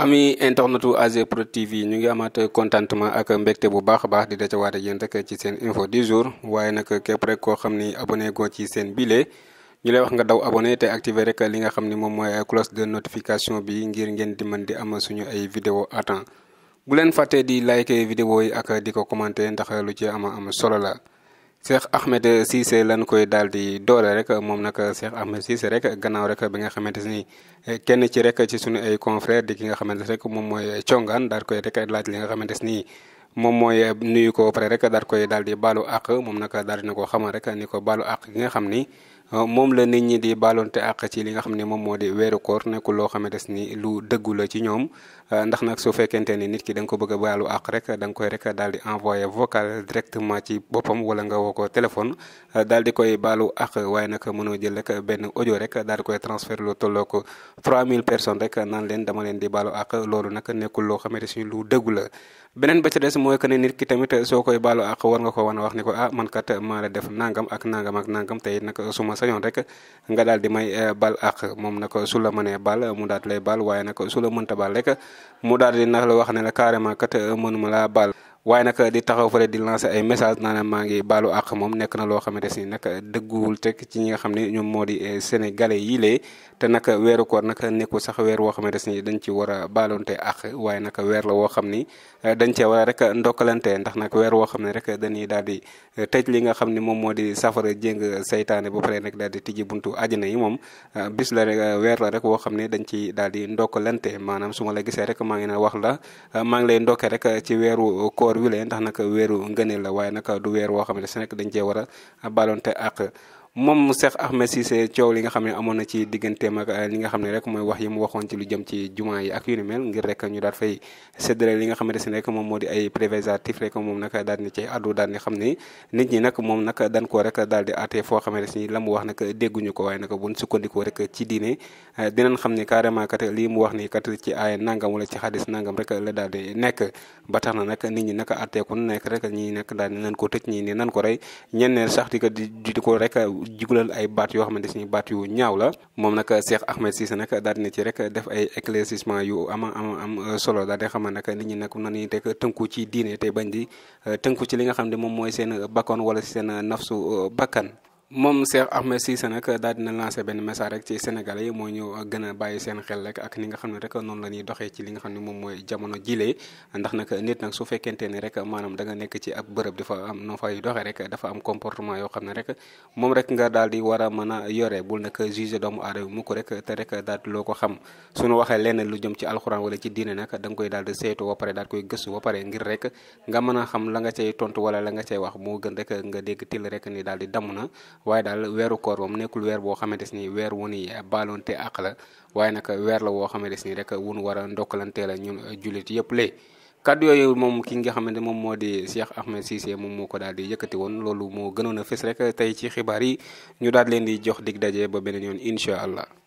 ami internetu AG Pro TV ñu ngi amaat contentement ak mbégte bu baax a baax di dajawaat ak yéen rek ci seen info du jour waaye nag képp rek koo xam ni abonné goo ci seen bile ñu lay wax nga daw abonné te activer rek li nga xam ni moom mooy cloche de notification bi ngir ngeen di mën di am suñu ay vidéo à temps bu leen fàttee di like vidéo yi ak di ko commenter ndax lu ci ama am solo la. Cheikh Ahmed Cissé lan koy daal di doole rek moom nag Cheikh Ahmed Cissé rek gannaaw rek bi nga xamante nii eh, kenn ci rek ci suñu ay confrères di ki nga xamante rek moom mooy congaan daal koy rek laaj li nga xamante ni moom mooy nuyu ko pare rek daal koy daal di baalu àq moom nag daal dina ko xamal rek ni ko baalu àq ki nga xam ni. Euh, moom la nit ñi di baalonte àq ci li nga xam ne moom moo di weeru koor nekkul loo xam des ni lu dëggu la ci ñoom euh, ndax nag su fekkente ni nit ki da nga ko bëgg a baalu àq rek danga koy rek daal di envoyé vocal directement ci boppam wala nga woo ko téléphone euh, daal di koy baalu àq waaye nag mënoo jël rek benn audio rek daal di koy transfert lu tolloo ko 3000 personnes rek naan leen dama leen di baalu àq loolu nag nekkul loo xam ne des ni lu dëggu la beneen ba ci des mooy que ne nit ki tamit soo koy baalu àq war nga ko wan a wax ni ko ah man kat maa la def nangam ak nangam ak nangam tey nag sañoon rek nga daal di may eh, bal ak moom nag su la mënee bal mu daal di lay bal waaye nag su la mënta bal rek mu daal di nag la wax ne carrément kat eh, mënuma laa bal waaye nag di taxaw fële di lancer ay message naanaam maa ngi baalu àq moom nekk na loo xamante si nag dëgguwul teg ci ñi nga xam ne ñoom moo di eh, sénégalais yi lee te nag weeru koor nag nekkul sax weer woo xamante si dañ ci war a baalonte àq waaye nag weer la woo xam ni eh, dañ cee war rek ndokkalante ndax nag weer woo xam ne rek dañuy daal di eh, tëj li nga xam ne moom moo di safara jéng seytaane ba pare nag daal di tijji buntu àjjana yi moom bis la weer la rek woo xam ne dañ ci daal di ndokkalante maanaam su ma la gisee rek maa ngi ne wax la maa lay ndokkee rek ci weeru koor koor wi lee ndax nag weeru ngëneel la waaye nag du weer woo xam ne si nekk dañ cee war a baalonte ak moom Cheikh Ahmed Cissé coow li nga xam ne amoon na ci digganteem ak euh, li nga xam ne rek mooy wax yi mu waxoon ci lu jëm ci jumaa yi ak yu ni mel ngir rek ñu daal fay séddale li nga xamante ne moom moo di ay préservatifs rek moom nag xam ne nit ñi nag moom nag dañ koo rek daal di aatee foo xamante ni la mu wax nag dégguñu ko waaye nag buñ sukkandikoo rek ci diine euh, dinañ xam ne carrément kat lii mu wax ni kat ci ay nangam wala ci xadis nangam rek la daal di nekk ba tax na nag nit ñi nag aatee ku nekk rek ñii nag daal di nañ ko tëj ñii ne nañ ko rey ñenn sax di ko di ko rek jigulal ay baat yoo xamante ni baat yu ñaaw la moom nag Cheikh Ahmed Cissé nag daal dina ci rek def ay éclaircissement yu am am euh, am solo daal di xamal nag nit ñi nag nañuy rek tënku ci diine te bañ di euh, tënku ci li nga xam ne moom mooy seen bakkoon wala seen nafsu euh, bakkan moom Cheikh Ahmed Cissé nag daal dina lancé benn message rek ci sénégal yi moo ñu gën a bàyyi seen xel rek ak ni nga xam ne rek noonu la ñuy doxee ci li nga xam ne moom mooy jamono jilee ndax nag nit nag su fekkente ne rek maanaam da nga nekk ci ab bërëb dafa am noo doxee rek dafa am comportement yoo xam ne rek moom rek nga daal di war a mën a yore bul nag juge doomu aadama mukk rek te rek daal di loo ko xam su nu waxee lenn lu jëm ci alxuraan wala ci diine nag danga koy daal di saytu ba pare daal koy gëstu ba pare ngir rek nga mën a xam la nga cay tontu wala la nga cay wax moo gën rek nga dégg til rek ni daal di damm na waaye daal weeru koor moom nekkul weer boo xamante ni weer wu ni baalonte àq la waaye nag weer la woo xamante ni rek wun war a ndokkalante la ñun jullit yëpp lee kaddu yooyu moom ki nga xamante moom moo di Cheikh Ahmed Cissé moom moo ko daal di yëkkati woon loolu moo gënoon a fës rek tey ci xibaar yi ñu daal leen di jox dig daje ba beneen yoon incha allah.